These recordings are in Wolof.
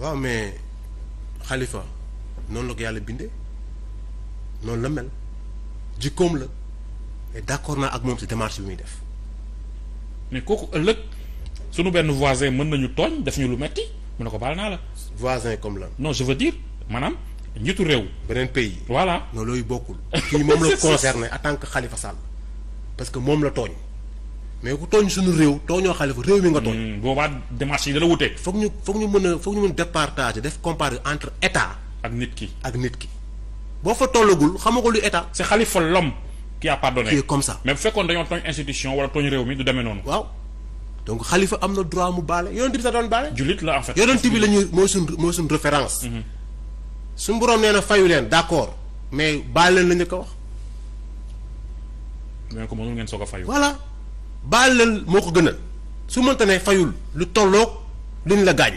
waaw mais xalifa noonu la ko yàlla bindee noonu la mel jikkoom la mais d'accord naa ak moom ci démarche bi muy def. mais kooku ëllëg sunu benn voisin mën nañu tooñ def ñu lu metti mun ne ko baal naa la. voisin comme lan. non je veux dire maanaam njiitu réew. beneen pays. voilà non looyu bokkul. kii moom la concerné en tant que xalifa Sall parce que moom la tooñ. mais ku tooñ suñu réew tooñoo xalifa réew mi nga tooñ. Hmm, boobaa démarche yi dana wute. foog ñu foog ñu mën a foog ñu mën départager def comparer entre état. ak nit ki ak nit ki. boo fa tollagul xam nga ko lu état. c'est xalifa l'homme qui a pardonné. qui est comme ça mais bu fekkoon dañoo tooñ institution wala tooñ réew mi du demee noonu. waaw donc xalifa am na droit mu baale yonent bi sa doon baale. jullit la en fait. yonent bi la ñuy mooy suñ mooy suñ référence. Hmm. suñu borom nee na fayu leen d'accord mais baal leen la ñu ko wax. mais ko mënul ngeen soog a fayu. baal la moo ko gënal su mënta ne fayul lu tolloog liñ la gaañ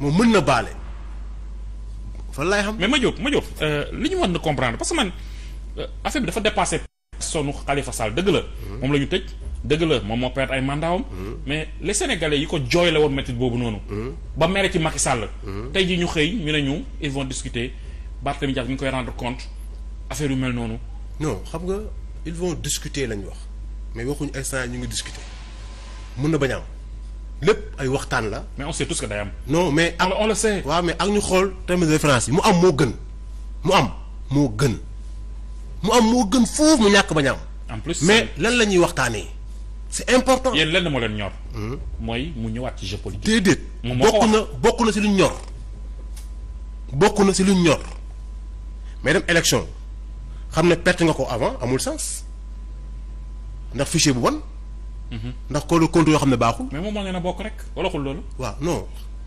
moom mën na baale fan laay xam. mais ma Diop ma Diop euh, li ñu wax na comprendre parce que man euh, affaire bi dafa dépassé sonu Khalifa dëgg la. Hmm. moom la ñu tëj dëgg la moom moo perte ay mandaawam hmm. mais les sénégalais yi ko jooy woon métit boobu noonu. Hmm. ba mere ci Macky Sall. tey jii ñu xëy ñu ne ñu ils vont discuter Barthélemy Dias ñu koy rendre compte affaire yu mel noonu. non xam nga ils vont discuter lañ wax. mais waxuñu instant ñu ngi discuter mun na bañ am lépp ay waxtaan la. mais on sait tous que am. non mais ak on le sait. waaw mais ak ñu xool termes de france yi mu am moo gën mu am moo gën mu am moo gën foofu mu ñàkk bañ am. en mais lan la ñuy waxtaanee. c'est important yéen lenn moo leen ñor. Hmm. mooy mu ñëwaat ci jeu politique. déedéet bokk na bokk na si luñ ñor. bokk na si luñ ñor mais dem élection xam ne perte nga ko avant amul sens. ndax fichier bu bon. ndax kóolu compte yoo xam ne baaxul. mais moom moo ngeen a bokk rek wala xul loolu. waaw non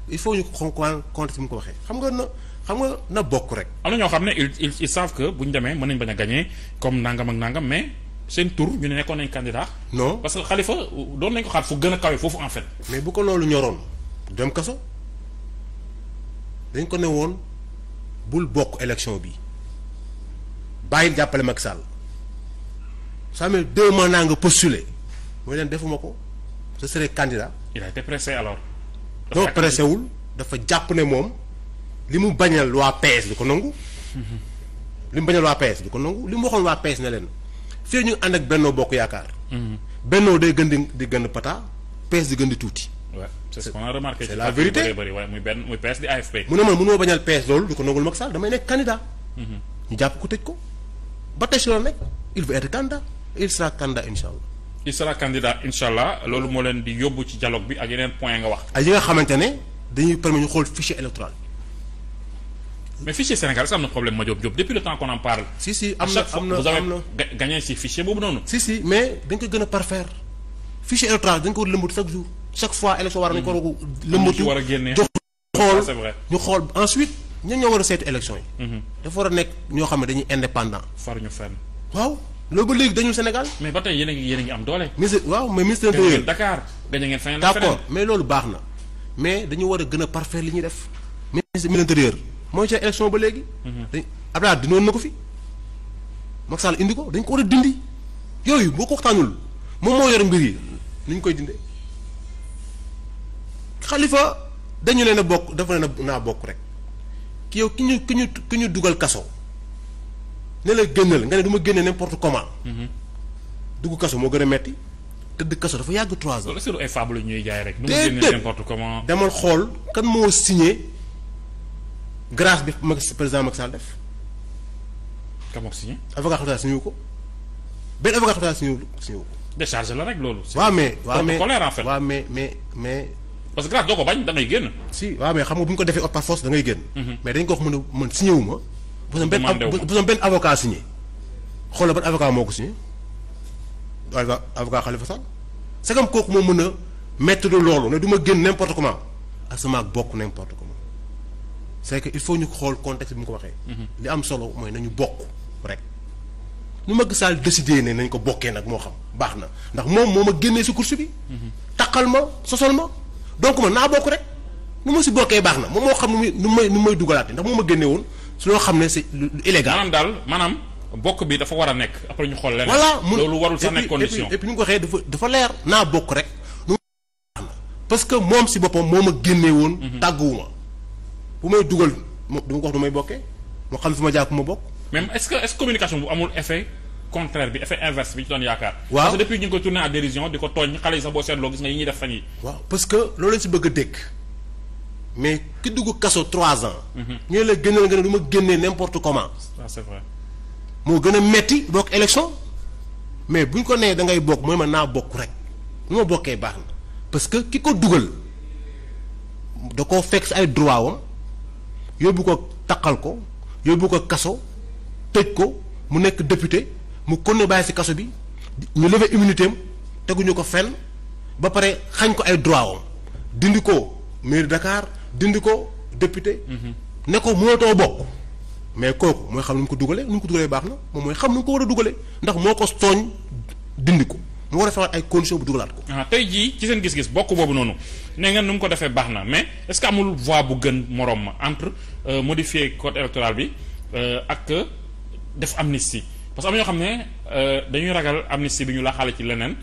il faut ñu xon compte si mu ko waxee xam nga na xam nga na bokk rek. am na ñoo xam ne ils ils que bu ñu demee mën nañ bañ a gagné comme nangam ak nangam mais seen tour ñu ne nekkoon nañ candidat. non parce que Khalifa doon nañ ko xaar fu gën a kawe foofu en fait. mais bu ko loolu ñoroon dem kaso dañ ko ne woon bul bokk élection bi bàyyil jàppale Macky Sall Samuel deux mandats nga postulé mooy leen defuma ko ce serait candidat. il a été pressé dafa jàpp ne moom li mu bañal waa PS du ko nangu. Mhm. li mu bañal waa PS du ko nangu li mu waxoon waa PS ne leen fii ñu ànd ak Benno Bokk Yaakaar. Mhm. Benno day gën di di gën pata PS di gën di tuuti. waaw c'est ce qu'on a remarqué. c'est la vérité muy benn muy PS di mu ne man mënoo bañal PS loolu du ko nangul Macky Sall damay nekk candidat. Mhm. ñu jàpp ko tëj ko ba tey si la nekk il veut être candidat. il sera candidat incha allah. il sera candidat incha allah loolu moo leen di yóbbu ci dialogue bi ak yeneen point nga wax. ak yi nga xamante ne dañuy permettre ñu xool fichier électoral. mais fichier Sénégal sax am na problème ma Diop Diop depuis le temps qu'on en parle. am na am na vous avez gagné boobu noonu. si si mais dañ ko gën a parfaire fichier électoral dañ ko war lëmbatu chaque jour chaque fois élection war nañ ko mhm. war a lëmbatu war a génne jox xool ñu xool ensuite ñan ñoo war a seetu élection yi. Mhm. dafa war a nekk ñoo xam ne dañuy indépendant. faruñu fenn waaw. loolu ba léegi dañu Sénégal. mais ba tey yéen a ngi yéen a ngi am doole. ministre waaw mais ministre intérieur Dakar dañu ngeen d'accord mais loolu baax na mais dañu war a gën a parfaire li ñu def. ministre intérieur mooy ca élection ba léegi. Mhm. dañ Abdoulaye dinoon na ko fi Macky indi ko dañ ko war a dindi yooyu boo ko waxtaanul moom moo yor mbir yi ni ñu koy dindee xalifa dañu leen bokk dafa leen a naa bokk rek ki yow ki ñu ki ñu ki ñu dugal kaso. ne la génnal nga ne du ma génne n'importe comment. Mhm. dugg kaso moo gën a metti tëdd kaso dafa yàgg trois ans. loolu ñuy jaay rek. du ma demal xool kan moo signé grâce bi Macky président Macky Sall def. kan moo ko signé. avocat Xalifa ko benn avocat Xalifa Sall signé ko. décharge la rek loolu. waaw mais waaw mais en mais mais mais. parce que grâce doo ko bañ da génn. si waaw mais xam nga bu ñu ko defee par force da ngay génn. Mhm. mais dañ ko wax mën a mën signé ma. bu doon benn bu doon benn avocat ba xoolal ban avocat moo ko signé avocat avocat Khalifa Sall c'est kooku moo mën a mettre loolu ne du ma génn n'importe comment ak sama bokk n'importe comment c'est que il faut ñu xool contexte bi mu ko waxee. Mhm. li am solo mooy nañu bokk rek. nu Macky Sall décidé ne nañ ko bokkee nag moo xam baax na ndax moom moo ma génnee si course bi. Mhm. taqal ma sosol ma donc man naa bokk rek nu ma si bokkee baax na moom moo xam nu muy may nu may dugalaate ndax moo ma génne su loo xam ne c'est illégal. maanaam daal maanaam bokk bi dafa war a nekk après ñu xool leneen. voilà mun loolu warul sax nekk condition et puis ñu waxee dafa dafa leer naa bokk rek. parce que moom si boppam moo ma génnee woon. Mhm. tàgguwuma bu may dugal ma du ma ko wax bokk. même bu amul effet contraire bi effet inverse bi ñu doon yaakaar. waaw parce que depuis ñu loolu lañ si bëgg a dégg. mais ki dugg kaso trois ans. ñu la gënal nga ne du ma génnee n'importe comment. Ah, moo gën a metti bokk élection mais bu ñu ko nee da ngay bokk mooy man naa bokk rek nu ma bokkee baax na parce que ki ko dugal da koo fekk si ay droit wam yóbbu ko taqal ko yóbbu ko kaso tëj ko mu nekk député mu konne bàyyi si kaso bi ñu lever immunité am teguñu ko fen ba pare xañ ko ay droit wam dindi ko mairie Dakar. dindi ko député. Mhm. ne ko mënatoo bokk. mais kooku mooy xam nu mu ko dugalee nu mu ko dugalee baax na moom mooy xam nu mu ko war a dugalee ndax moo ko tooñ dindi ko mu war a ay conditions bu dugalaat ko. Ah, tey jii ci seen gis-gis bokk boobu noonu nee ngeen nu mu ko defee baax na mais est-ce que amul voie bu gën moroom ma entre euh, modifier code électoral bi euh, ak def amnistie parce que am na ñoo xam ne euh, dañuy ragal amnistie bi ñu la xaale ci leneen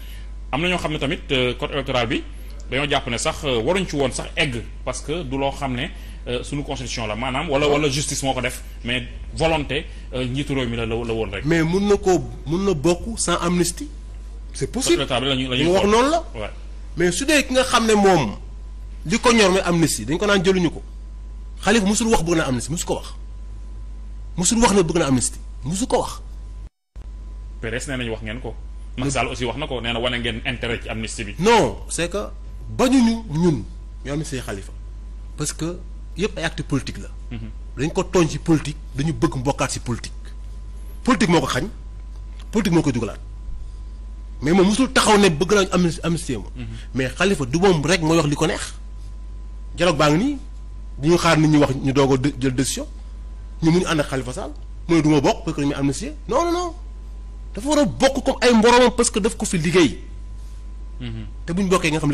am na ñoo xam ne tamit code électoral bi. dañoo jàpp ne sax euh, waruñ ci woon sax egg parce que du loo xam ne euh, suñu constitution la maanaam wala wala justice moo ko def mais volonté euh, njiitu réew mi la la woon rek. mais mun na koo mun na bokk sans amnistie. c'est possible ñu wax noonu la. mais su dee ki nga xam ne moom li ñor mooy amnistie dañ ko naan jëluñu ko Khalifa musul wax bëgg na amnistie musu ko wax musul wax ne bëgg na amnistie musu ko wax. PDS nee ñu wax ngeen ko. Macky Sall aussi wax na ko nee na wane ngeen intérêt ci amnistie bi. non c'est que. bañuñu ñun ñoo Sey Khalifa parce que yëpp ay acte politique la. dañ ko tooñ ci politique dañu bëgg mbokkaat ci politique. politique moo ko xañ politique moo koy dugalaat mais moom mosul taxaw ne bëgg nañu am amnistie mais Khalifa du moom rek mooy wax li ko neex. dialogue baa ngi nii dañuy xaar nit ñi wax ñu doog a jël décision ñu mun ànd ak Khalifa Sall mooy du ma bokk parce que dañu amnistie non non non dafa war a bokk comme ay mboromam parce que daf ko fi liggéey. te buñ bokkee nga xam